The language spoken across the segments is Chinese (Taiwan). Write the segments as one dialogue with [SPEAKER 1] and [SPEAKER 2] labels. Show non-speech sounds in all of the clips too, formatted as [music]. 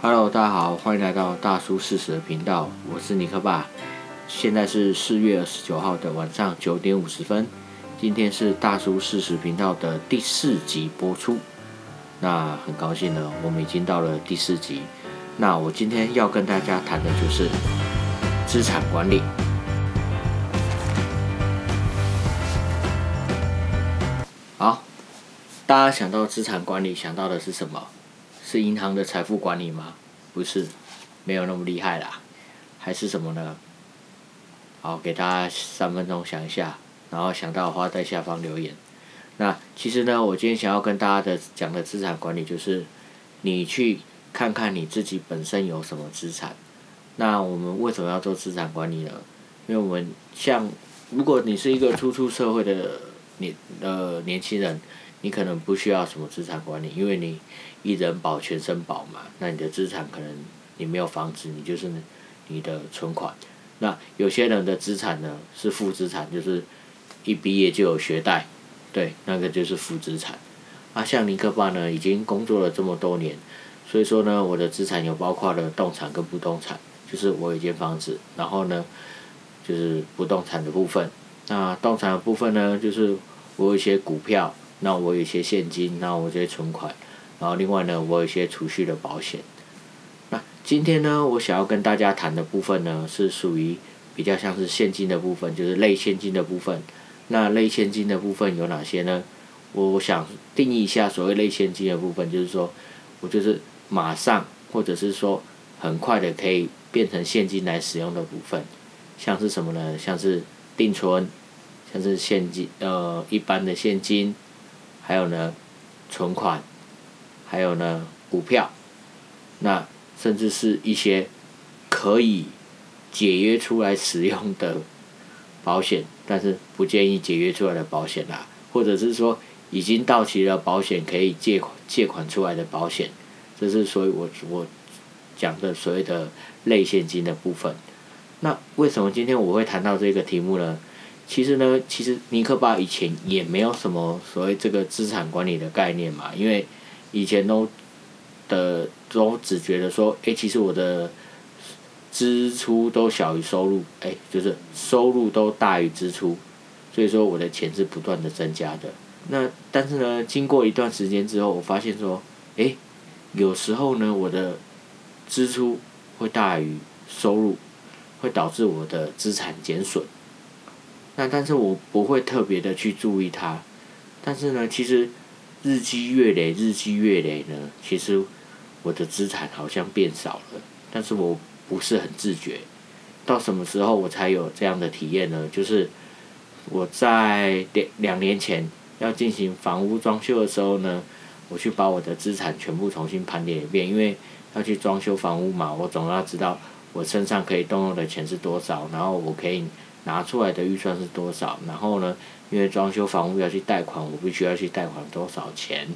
[SPEAKER 1] Hello，大家好，歡迎來到大叔40頻道，我是尼克爸。現在是四月二十九號的晚上九點五十分，今天是大叔40頻道的第四集播出。那很高興呢，我們已經到了第四集。那我今天要跟大家談的就是資產管理。好，大家想到資產管理，想到的是什麼？是銀行的財富管理嗎？不是，沒有那麼厲害啦，還是什麼呢？好，給大家三分鐘想一下，然後想到的話在下方留言。那其實呢，我今天想要跟大家的講的資產管理就是，你去看看你自己本身有什麼資產。那我們為什麼要做資產管理呢？因為我們像如果你是一個初出社會的年呃年輕人，你可能不需要什麼資產管理，因為你一人保、全身保嘛，那你的資產可能你沒有房子，你就是你的存款。那有些人的資產呢是負資產，就是一畢業就有學貸，對，那個就是負資產。啊，像尼克爸呢，已經工作了這麼多年，所以說呢，我的資產有包括了動產跟不動產，就是我有一間房子，然後呢就是不動產的部分，那動產的部分呢就是我有一些股票，那我有一些現金，那我這些存款。然後另外呢，我有一些儲蓄的保險。那今天呢，我想要跟大家談的部分呢，是屬於比較像是現金的部分，就是類現金的部分。那類現金的部分有哪些呢？我想定義一下所謂類現金的部分，就是說，我就是馬上或者是說很快的可以變成現金來使用的部分，像是什麼呢？像是定存，像是現金，呃，一般的現金，還有呢，存款。還有呢，股票，那甚至是一些可以解約出來使用的保險，但是不建議解約出來的保險啦、啊，或者是說已經到期了保險可以借款借款出來的保險，這是所以我我講的所謂的類現金的部分。那為什麼今天我會談到這個題目呢？其實呢，其實尼克爸以前也沒有什麼所謂這個資產管理的概念嘛，因為以前都的都只覺得說，哎，其實我的支出都小於收入，哎，就是收入都大於支出，所以說我的錢是不斷的增加的。那但是呢，經過一段時間之後，我發現說，哎，有時候呢，我的支出會大於收入，會導致我的資產減損。那但是我不會特別的去注意它，但是呢，其實。日積月累，日積月累呢，其實我的資產好像變少了，但是我不是很自覺。到什麼時候我才有這樣的體驗呢？就是我在兩年前要進行房屋裝修的時候呢，我去把我的資產全部重新盤點一遍，因為要去裝修房屋嘛，我總要知道我身上可以動用的錢是多少，然後我可以。拿出來的預算是多少？然後呢，因為裝修房屋要去貸款，我必須要去貸款多少錢？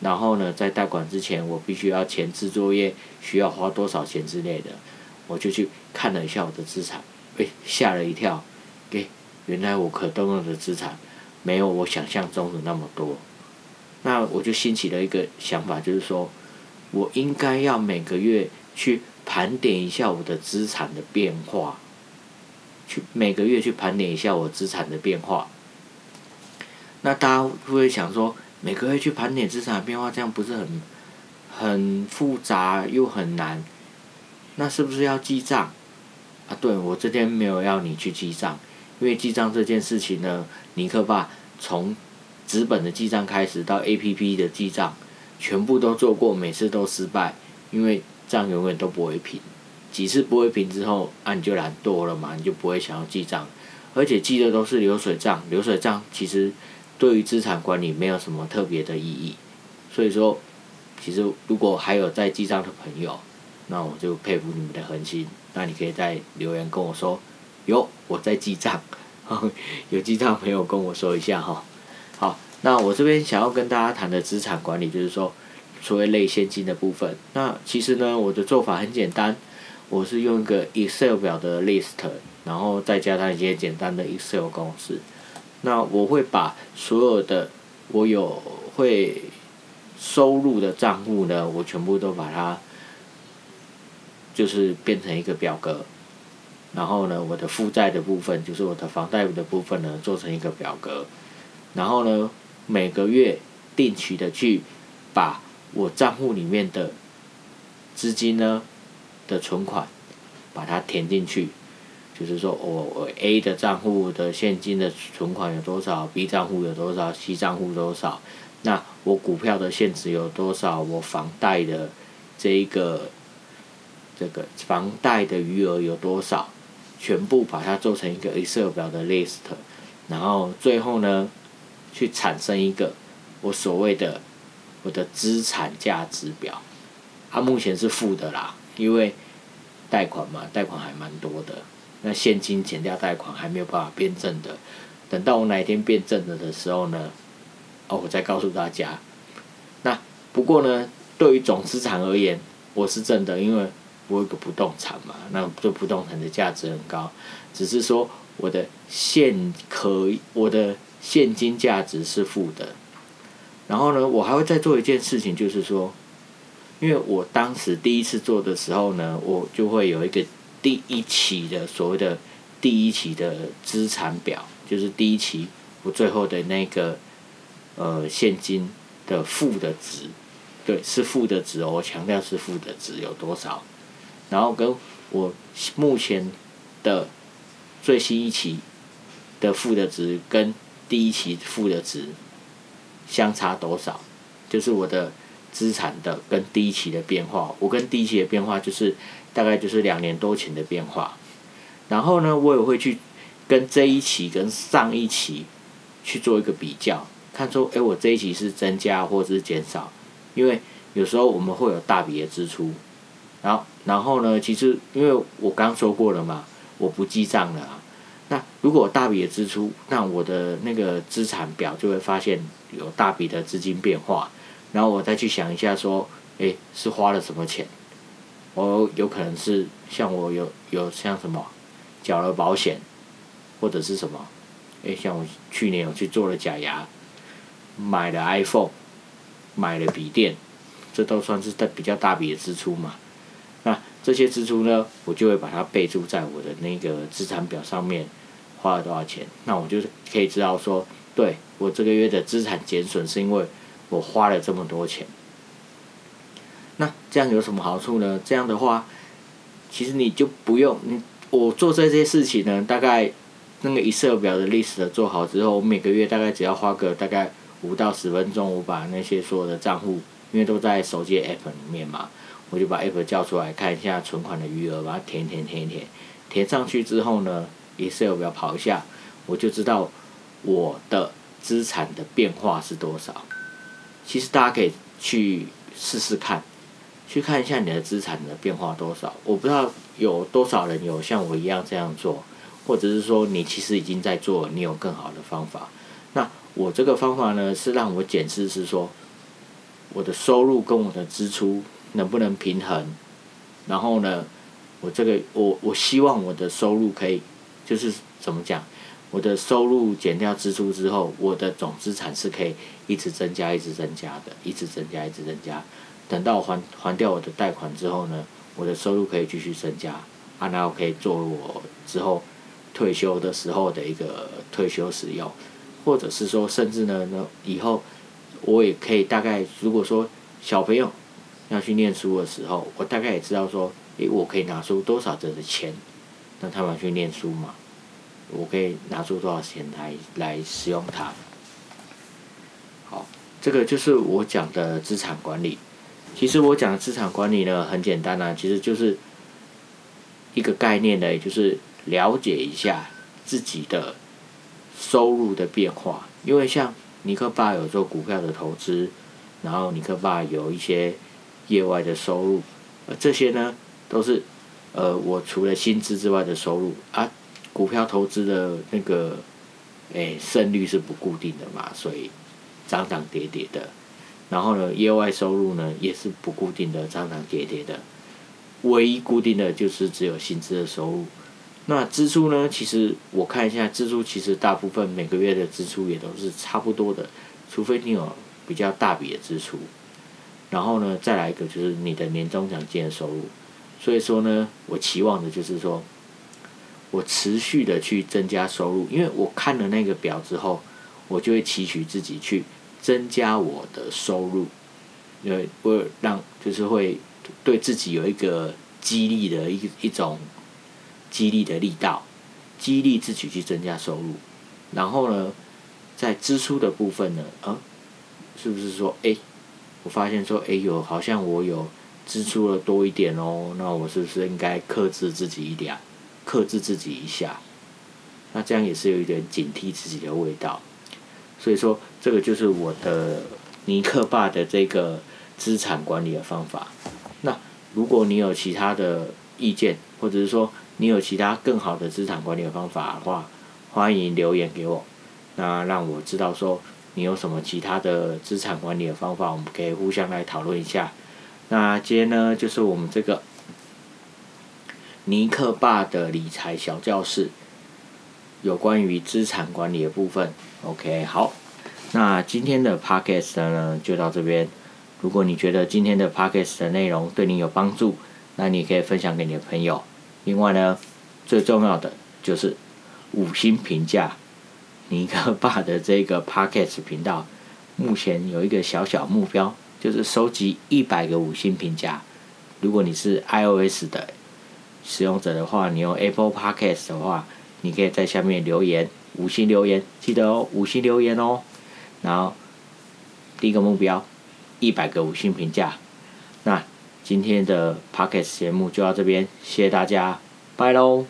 [SPEAKER 1] 然後呢，在貸款之前，我必須要前置作業需要花多少錢之類的，我就去看了一下我的資產，被、欸、嚇了一跳。給、欸，原來我可動用的資產沒有我想象中的那麼多。那我就興起了一個想法，就是說我應該要每個月去盤點一下我的資產的變化。去每個月去盤點一下我資產的變化，那大家會不會想說，每個月去盤點資產的變化，這樣不是很，很複雜又很難，那是不是要記賬？啊，對，對我這邊沒有要你去記賬，因為記賬這件事情呢，尼克爸從紙本的記賬開始到 APP 的記賬，全部都做過，每次都失敗，因為賬永遠都不會平。幾次不會平之後，那、啊、你就懶惰了嘛，你就不會想要記賬，而且記的都是流水賬，流水賬其實對於資產管理沒有什麼特別的意義。所以說，其實如果還有在記賬的朋友，那我就佩服你們的恆心。那你可以再留言跟我說，喲，我在記賬， [laughs] 有記賬朋友跟我說一下哈。好，那我這邊想要跟大家談的資產管理，就是說所謂類現金的部分。那其實呢，我的做法很簡單。我是用一個 Excel 表的 list，然後再加上一些簡單的 Excel 公式。那我會把所有的我有會收入的賬戶呢，我全部都把它就是變成一個表格。然後呢，我的負債的部分，就是我的房貸的部分呢，做成一個表格。然後呢，每個月定期的去把我賬戶裡面的資金呢，的存款，把它填進去，就是說我我 A 的賬戶的現金的存款有多少，B 賬戶有多少，C 賬戶多少，那我股票的現值有多少，我房貸的這一個這個房貸的餘額有多少，全部把它做成一個 Excel 表的 list，然後最後呢，去產生一個我所謂的我的資產價值表，它、啊、目前是負的啦。因為貸款嘛，貸款還蠻多的。那現金減掉貸款還沒有辦法變正的。等到我哪一天變正了的時候呢，哦，我再告訴大家。那不過呢，對於總資產而言，我是正的，因為我有個不動產嘛，那做不動產的價值很高。只是說我的現可，我的現金價值是負的。然後呢，我還會再做一件事情，就是說。因為我當時第一次做的時候呢，我就會有一個第一期的所謂的第一期的資產表，就是第一期我最後的那個呃現金的負的值，對，是負的值哦，我強調是負的值有多少，然後跟我目前的最新一期的負的值跟第一期負的值相差多少，就是我的。資產的跟第一期的變化，我跟第一期的變化就是大概就是兩年多前的變化。然後呢，我也會去跟這一期跟上一期去做一個比較，看說哎、欸，我這一期是增加或是減少。因為有時候我們會有大筆的支出，然後然後呢，其實因為我剛說過了嘛，我不記賬的啊。那如果大筆的支出，那我的那個資產表就會發現有大筆的資金變化。然後我再去想一下，說，誒，是花了什麼錢？我有可能是像我有有像什麼，繳了保險，或者是什麼？誒，像我去年我去做了假牙，買了 iPhone，買了筆電，這都算是大比較大筆的支出嘛。那這些支出呢，我就會把它備註在我的那個資產表上面，花了多少錢？那我就是可以知道說，對，我這個月的資產減損是因為。我花了這麼多錢，那這樣有什麼好處呢？這樣的話，其實你就不用你我做這些事情呢。大概那個 Excel 表的歷史的做好之後，我每個月大概只要花個大概五到十分鐘，我把那些所有的賬戶，因為都在手機 App 裡面嘛，我就把 App 叫出來看一下存款的餘額，把它填一填一填一填填上去之後呢，Excel 表跑一下，我就知道我的資產的變化是多少。其實大家可以去試試看，去看一下你的資產的變化多少。我不知道有多少人有像我一樣這樣做，或者是說你其實已經在做，你有更好的方法。那我這個方法呢，是讓我檢視是說，我的收入跟我的支出能不能平衡，然後呢，我這個我我希望我的收入可以，就是怎麼講？我的收入減掉支出之後，我的總資產是可以一直增加、一直增加的，一直增加、一直增加。等到我還還掉我的貸款之後呢，我的收入可以繼續增加，啊，那我可以作為我之後退休的時候的一個退休使用，或者是說，甚至呢，那以後我也可以大概，如果說小朋友要去念書的時候，我大概也知道說，誒，我可以拿出多少的錢讓他們去念書嘛。我可以拿出多少錢來來使用它。好，這個就是我講的資產管理。其實我講的資產管理呢，很簡單呢，啊，其實就是一個概念呢，就是了解一下自己的收入的變化。因為像尼克爸有做股票的投資，然後尼克爸有一些業外的收入，而這些呢都是呃我除了薪資之外的收入啊。股票投資的那個，誒、欸，勝率是不固定的嘛，所以漲漲跌跌的。然後呢，業外收入呢也是不固定的，漲漲跌跌的。唯一固定的就是只有薪資的收入。那支出呢？其實我看一下支出其實大部分每個月的支出也都是差不多的，除非你有比較大筆的支出。然後呢，再來一個就是你的年終獎金的收入。所以說呢，我期望的就是說。我持續的去增加收入，因為我看了那個表之後，我就會期許自己去增加我的收入，因為我讓就是會對自己有一個激勵的一一種激勵的力道，激勵自己去增加收入。然後呢，在支出的部分呢，啊，是不是說欸，我發現說欸，有，好像我有支出了多一點喔，那我是不是應該克制自己一點？克制自己一下，那這樣也是有一點警惕自己的味道，所以說這個就是我的尼克爸的這個資產管理的方法。那如果你有其他的意見，或者是說你有其他更好的資產管理的方法的話，歡迎留言給我，那讓我知道說你有什麼其他的資產管理的方法，我們可以互相來討論一下。那今天呢，就是我們這個。尼克爸的理財小教室，有關於資產管理的部分。OK，好，那今天的 Podcast 呢，就到這邊。如果你覺得今天的 Podcast 的內容對你有幫助，那你可以分享給你的朋友。另外呢，最重要的就是五星評價。尼克爸的這個 Podcast 頻道目前有一個小小目標，就是收集一百個五星評價。如果你是 iOS 的，使用者的話，你用 Apple Podcast 的話，你可以在下面留言五星留言，記得哦，五星留言哦。然後第一個目標，一百個五星評價。那今天的 Podcast 節目就到這邊，謝謝大家，拜嘍。